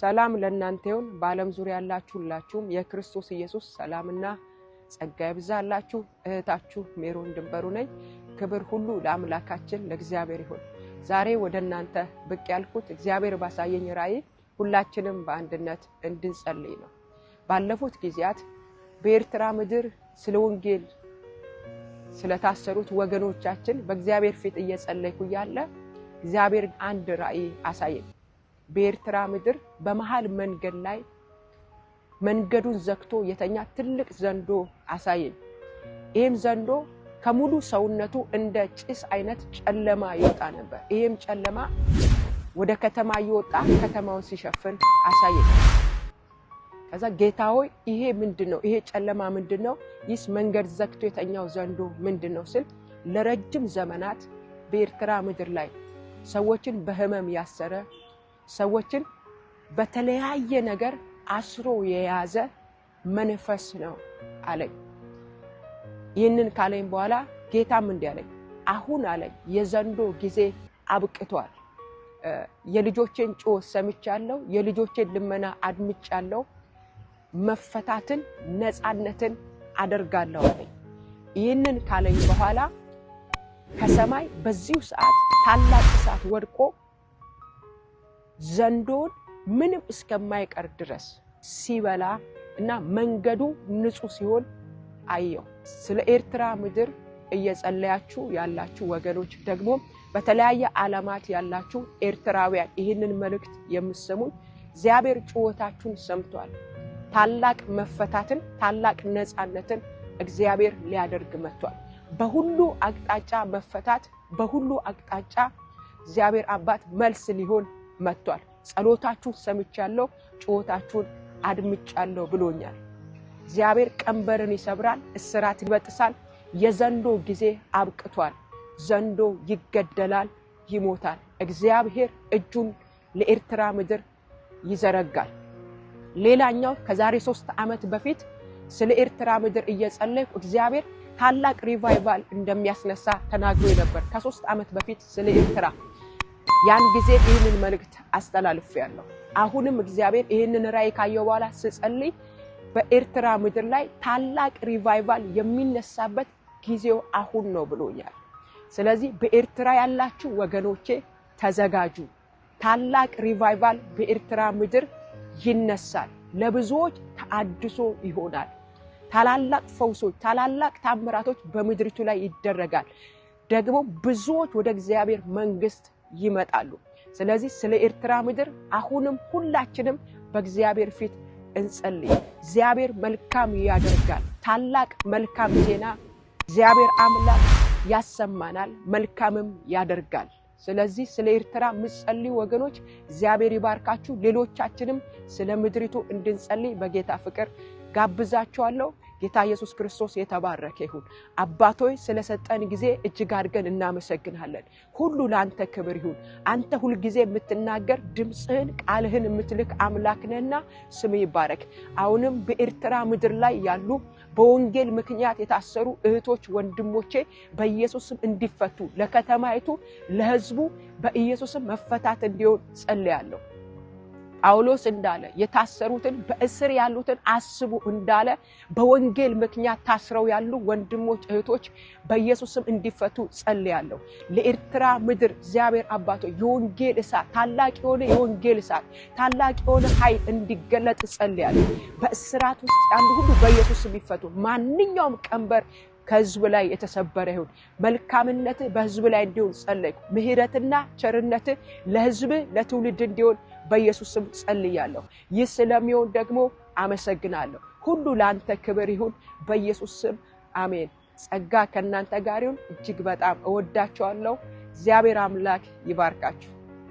ሰላም ለእናንተ ይሁን። በዓለም ዙሪያ ያላችሁ ሁላችሁም የክርስቶስ ኢየሱስ ሰላምና ጸጋ ይብዛላችሁ። እህታችሁ ሜሮን ድንበሩ ነኝ። ክብር ሁሉ ለአምላካችን ለእግዚአብሔር ይሁን። ዛሬ ወደ እናንተ ብቅ ያልኩት እግዚአብሔር ባሳየኝ ራእይ ሁላችንም በአንድነት እንድንጸልይ ነው። ባለፉት ጊዜያት በኤርትራ ምድር ስለ ወንጌል ስለታሰሩት ወገኖቻችን በእግዚአብሔር ፊት እየጸለይኩ ያለ እግዚአብሔር አንድ ራእይ አሳየኝ። በኤርትራ ምድር በመሀል መንገድ ላይ መንገዱን ዘግቶ የተኛ ትልቅ ዘንዶ አሳየኝ። ይህም ዘንዶ ከሙሉ ሰውነቱ እንደ ጭስ አይነት ጨለማ ይወጣ ነበር። ይህም ጨለማ ወደ ከተማ እየወጣ ከተማውን ሲሸፍን አሳየኝ። ከዛ ጌታ ሆይ ይሄ ምንድን ነው? ይሄ ጨለማ ምንድን ነው? ይህስ መንገድ ዘግቶ የተኛው ዘንዶ ምንድን ነው ስል ለረጅም ዘመናት በኤርትራ ምድር ላይ ሰዎችን በህመም ያሰረ ሰዎችን በተለያየ ነገር አስሮ የያዘ መንፈስ ነው አለኝ። ይህንን ካለኝ በኋላ ጌታም እንዲህ አለኝ፣ አሁን አለኝ የዘንዶ ጊዜ አብቅቷል። የልጆቼን ጩኸት ሰምቻለሁ። የልጆችን ልመና አድምጫለሁ። መፈታትን፣ ነፃነትን አደርጋለሁ አለኝ። ይህንን ካለኝ በኋላ ከሰማይ በዚሁ ሰዓት ታላቅ እሳት ወድቆ ዘንዶን ምንም እስከማይቀር ድረስ ሲበላ እና መንገዱ ንጹህ ሲሆን አየው ስለ ኤርትራ ምድር እየጸለያችሁ ያላችሁ ወገኖች ደግሞ በተለያየ ዓለማት ያላችሁ ኤርትራውያን ይህንን መልእክት የምሰሙኝ እግዚአብሔር ጩኸታችሁን ሰምቷል። ታላቅ መፈታትን፣ ታላቅ ነፃነትን እግዚአብሔር ሊያደርግ መጥቷል። በሁሉ አቅጣጫ መፈታት፣ በሁሉ አቅጣጫ እግዚአብሔር አባት መልስ ሊሆን መጥቷል። ጸሎታችሁን ሰምቻለሁ፣ ጩኸታችሁን አድምጫለሁ ብሎኛል። እግዚአብሔር ቀንበርን ይሰብራል፣ እስራትን ይበጥሳል። የዘንዶ ጊዜ አብቅቷል። ዘንዶ ይገደላል፣ ይሞታል። እግዚአብሔር እጁን ለኤርትራ ምድር ይዘረጋል። ሌላኛው ከዛሬ ሶስት ዓመት በፊት ስለ ኤርትራ ምድር እየጸለይኩ እግዚአብሔር ታላቅ ሪቫይቫል እንደሚያስነሳ ተናግሮ ነበር። ከሶስት ዓመት በፊት ስለ ኤርትራ ያን ጊዜ ይህንን መልእክት ያለው አሁንም እግዚአብሔር ይህንን ራእይ ካየው በኋላ ስጸልይ በኤርትራ ምድር ላይ ታላቅ ሪቫይቫል የሚነሳበት ጊዜው አሁን ነው ብሎኛል። ስለዚህ በኤርትራ ያላችሁ ወገኖቼ ተዘጋጁ። ታላቅ ሪቫይቫል በኤርትራ ምድር ይነሳል። ለብዙዎች ተአድሶ ይሆናል። ታላላቅ ፈውሶች፣ ታላላቅ ታምራቶች በምድሪቱ ላይ ይደረጋል። ደግሞ ብዙዎች ወደ እግዚአብሔር መንግስት ይመጣሉ። ስለዚህ ስለ ኤርትራ ምድር አሁንም ሁላችንም በእግዚአብሔር ፊት እንጸልይ። እግዚአብሔር መልካም ያደርጋል። ታላቅ መልካም ዜና እግዚአብሔር አምላክ ያሰማናል፣ መልካምም ያደርጋል። ስለዚህ ስለ ኤርትራ የምትጸልዩ ወገኖች እግዚአብሔር ይባርካችሁ። ሌሎቻችንም ስለ ምድሪቱ እንድንጸልይ በጌታ ፍቅር ጋብዛችኋለሁ። ጌታ ኢየሱስ ክርስቶስ የተባረከ ይሁን። አባቶይ ስለሰጠን ጊዜ እጅግ አድርገን እናመሰግናለን። ሁሉ ለአንተ ክብር ይሁን። አንተ ሁልጊዜ የምትናገር ድምፅህን፣ ቃልህን የምትልክ አምላክ ነህና ስም ይባረክ። አሁንም በኤርትራ ምድር ላይ ያሉ በወንጌል ምክንያት የታሰሩ እህቶች ወንድሞቼ በኢየሱስም እንዲፈቱ ለከተማይቱ ለሕዝቡ በኢየሱስም መፈታት እንዲሆን ጸልያለሁ። ጳውሎስ እንዳለ የታሰሩትን በእስር ያሉትን አስቡ እንዳለ በወንጌል ምክንያት ታስረው ያሉ ወንድሞች እህቶች በኢየሱስም እንዲፈቱ ጸልያለሁ። ለኤርትራ ምድር እግዚአብሔር አባቶ የወንጌል እሳት ታላቅ የሆነ የወንጌል እሳት ታላቅ የሆነ ኃይል እንዲገለጥ ጸልያለሁ። በእስራት ውስጥ ያሉ ሁሉ በኢየሱስም ይፈቱ። ማንኛውም ቀንበር ከህዝብ ላይ የተሰበረ ይሁን። መልካምነት በህዝብ ላይ እንዲሆን ጸለይኩ። ምህረትና ቸርነት ለህዝብ ለትውልድ እንዲሆን በኢየሱስም ጸልያለሁ። ይህ ስለሚሆን ደግሞ አመሰግናለሁ። ሁሉ ለአንተ ክብር ይሁን በኢየሱስ ስም አሜን። ጸጋ ከእናንተ ጋር ይሁን። እጅግ በጣም እወዳቸዋለሁ። እግዚአብሔር አምላክ ይባርካችሁ።